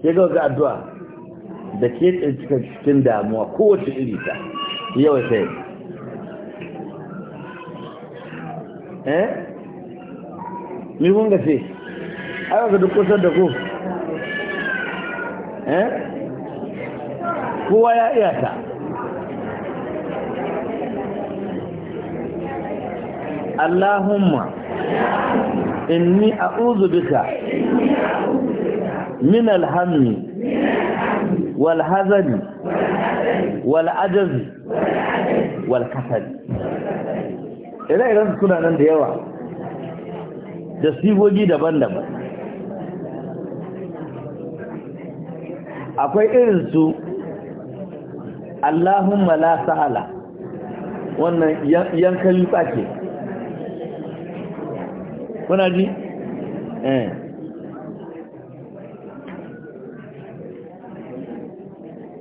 ke ga addu'a da ke cikin damuwa kowace iri ta yawan sai eh ni kun ga ce aka ga duk da ku eh kowa ya iya ta Allahumma inni a'udhu bika min alhammi wal hazani wal ajazi wal kasali ina iran suna nan da yawa da sigogi daban-daban akwai irin su Allahumma la sa'ala wannan yankan liɓa ke. kuna ji eh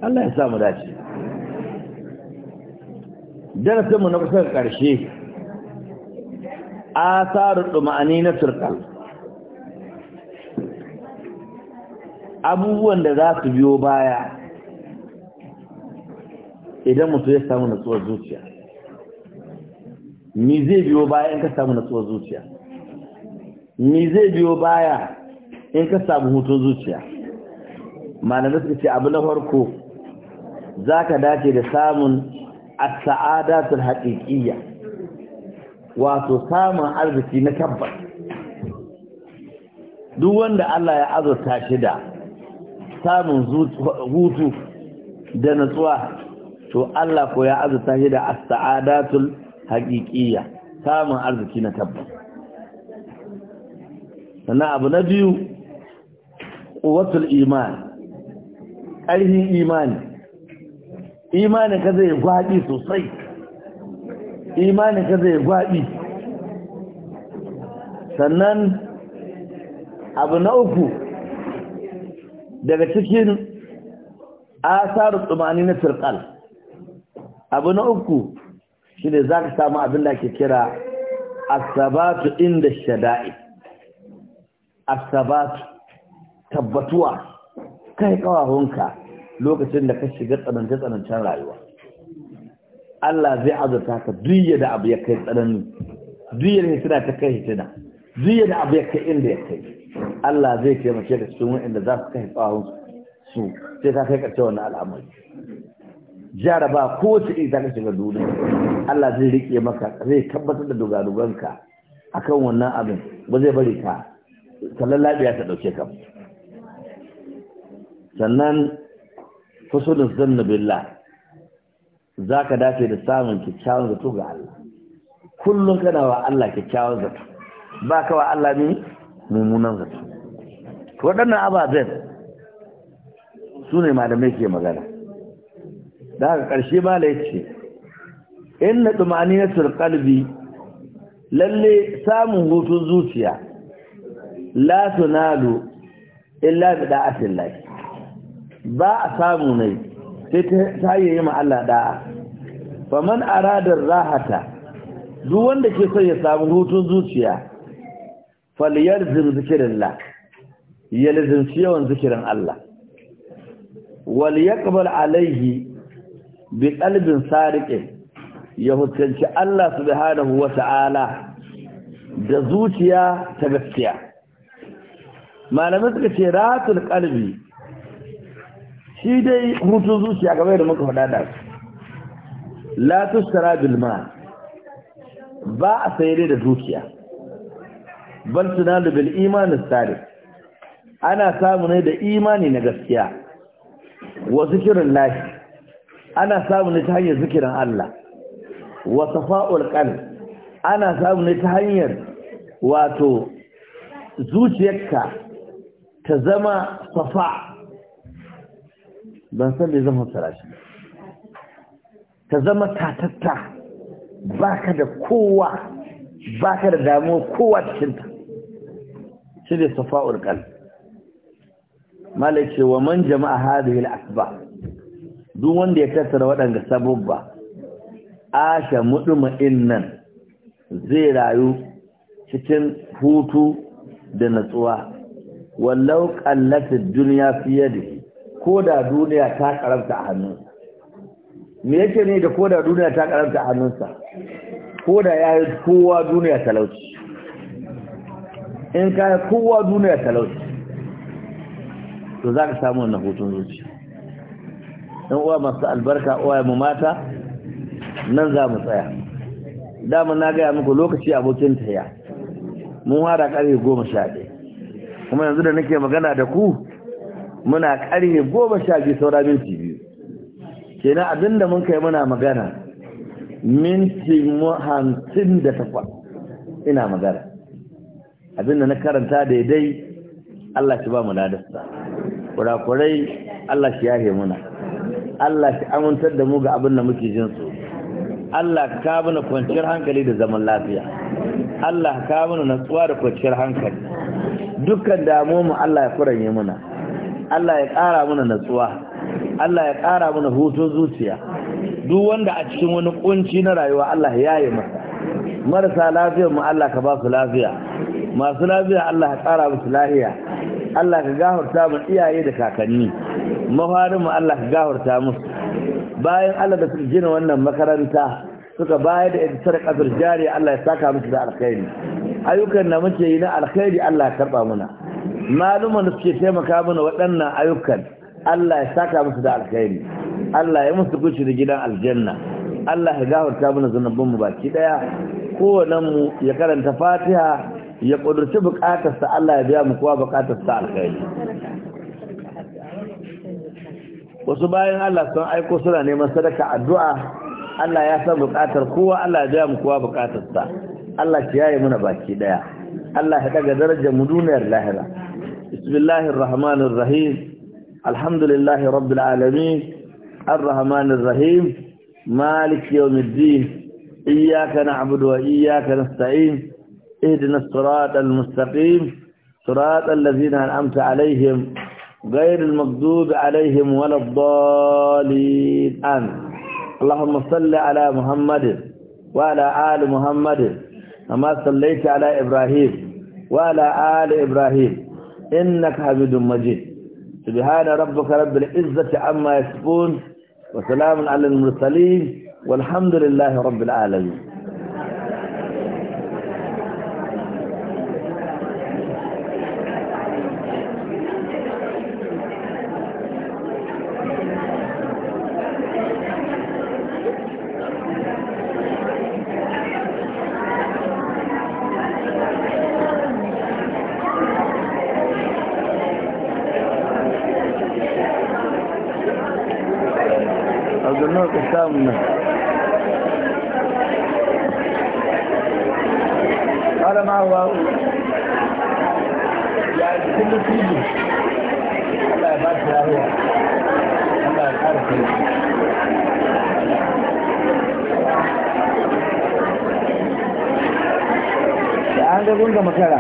Allah ya samu dace darasinmu na kusa ƙarshe asarar ɗuma'ani na turkal abubuwan da za su biyo baya idan mutu ya samu natsuwar zuciya ni zai biyo baya in ka samu natsuwar zuciya me zai biyo baya in ka samu hutun zuciya malamai suka ce abu na farko za ka dace da samun as ta haƙiƙiya wato samun arziki na tabbas duk wanda Allah ya azurta shi da samun hutu da natsuwa to Allah ko ya azurta shi da as ta haƙiƙiya samun arziki na tabbas sannan abu na biyu quwwatul iman ƙarfin imani Imani ka zai gwaɗi sosai imani ka zai gwaɗi sannan abu na uku daga cikin asarar tsumani na turkal abu na uku shi ne za ka samu abin da ke kira asabatu inda shada'i asabat tabbatuwa kai kawahunka lokacin da ka shiga tsananta tsanancen rayuwa Allah zai azurta ka duyya da abu ya kai tsanani duyya da hitina ta kai hitina duyya da abu ya kai inda ya kai Allah zai taimake ka cikin inda za su kai tsawon su sai ka kai ƙarshe wannan al'amari jaraba ko wace iri ta ka shiga duniya Allah zai rike maka zai tabbatar da dogaruganka akan wannan abin ba zai bari ka ta labiya ta ɗauke ka sannan fusulun zanna billah za ka dace da samun kyakkyawan zato ga Allah kullum kana wa Allah kyakkyawan zato ba ka wa Allah ne mummunan zato waɗannan ababen su ne malamai ke magana da ƙarshe ƙarshe ce. la yace inna tumaniyatul qalbi lalle samun hutun zuciya la tunalu illa bi da'atin ba a samu ne sai ta yi ma Allah da'a Fa man aradar rahata duk wanda ke so ya samu hutun zuciya falyalzim zikirillah ya shi yawan zikirin Allah wal yaqbal alaihi bi qalbin sariqin ya hukunci Allah subhanahu Ta'ala da zuciya ta gaskiya malamai suka ce ratul kalbi shi dai hutun zuciya gaba da muka faɗa da su Latus tarabil ma ba a sayar da dukiya bal tunalu bil imani salih ana samu ne da imani na gaskiya wa zikirin lahi ana samu ne ta hanyar zikirin Allah wa safa'ul qalb ana samu ne ta hanyar wato zuciyarka ta zama safa ban san mai zama sarashi ta zama tatatta baka da kowa baka da damuwa kowa cikinta shi ne safa qalb malai ce wa man jama'a hadhihi al-asba duk wanda ya tattara waɗanda sababba asha nan zai rayu cikin hutu da natsuwa wallau qallatud dunya fi ko koda duniya ta karanta a hannunsa me yake ne da koda duniya ta karanta a hannunsa koda yi kowa duniya talauci in yi kowa duniya talauci to za ka samu wannan hoton zuci. ɗan uwa masu albarka uwa mu mata nan za mu tsaya damar na gaya muku lokaci abokin ya? mun hada ƙarfe goma sha ɗaya kuma yanzu da nake magana da ku muna karhe goma sha biyu saura minti biyu kenan abinda mun kai muna magana minti hamsin da takwas ina magana abinda na karanta daidai Allah shi ba mu ladasta kurakurai Allah shi yahe muna Allah shi amintar da mu ga abin da muke jin su Allah ka na kwanciyar hankali da zaman lafiya Allah ka na natsuwa da kwanciyar hankali dukkan damuwa mu Allah ya furanye muna Allah ya ƙara muna natsuwa Allah ya ƙara muna hutun zuciya duk wanda a cikin wani kunci na rayuwa Allah ya yi masa marasa lafiya mu Allah ka ba su lafiya masu lafiya Allah ya ƙara musu lafiya Allah ka gafarta mu iyaye da kakanni mafarin mu Allah ka gafarta musu bayan Allah da suka gina wannan makaranta suka bayar da ita sadaqatul jari Allah ya saka musu da alkhairi ayyukan da muke yi na alkhairi Allah ya karba muna maluman da suke taimaka mana waɗannan ayyukan Allah ya saka musu da alkhairi Allah ya musu kuci da gidan aljanna Allah ya gafarta mana zanubin mu baki daya kowannen mu ya karanta Fatiha ya kudurci sa, Allah ya biya mu kowa sa alkhairi wasu bayan Allah sun aiko suna neman sadaka addu'a Allah ya san bukatar kowa Allah ya biya mu kowa sa. Allah ya yi muna baki daya Allah ya daga darajar mu duniyar lahira bismillahir rahmanir rahim alhamdulillahi rabbil alamin arrahmanir rahim maliki yawmiddin iyyaka na'budu wa iyyaka nasta'in ihdinas siratal mustaqim siratal ladzina an'amta alaihim غير المغضوب عليهم ولا الضالين آمين اللهم صل على محمد وعلى آل محمد كما صليت على إبراهيم وعلى آل إبراهيم إنك حميد مجيد سبحان ربك رب العزة عما يصفون وسلام على المرسلين والحمد لله رب العالمين ka makara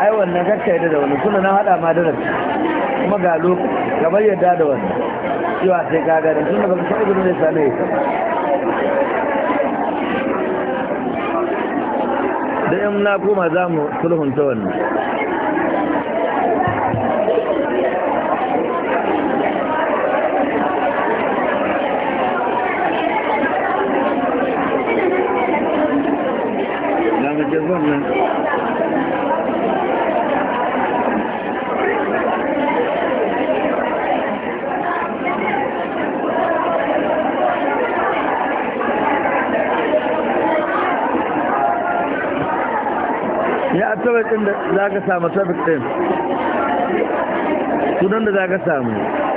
ai wannan kakka da wani suna na hada ma da kuma ga lokaci kamar yadda da wani cewa sai ka gani tun da baka sa izinin da same ka da na koma za mu sulhunta wannan kawai ɗin da za ka samu traffic ɗin sunan da za ka samu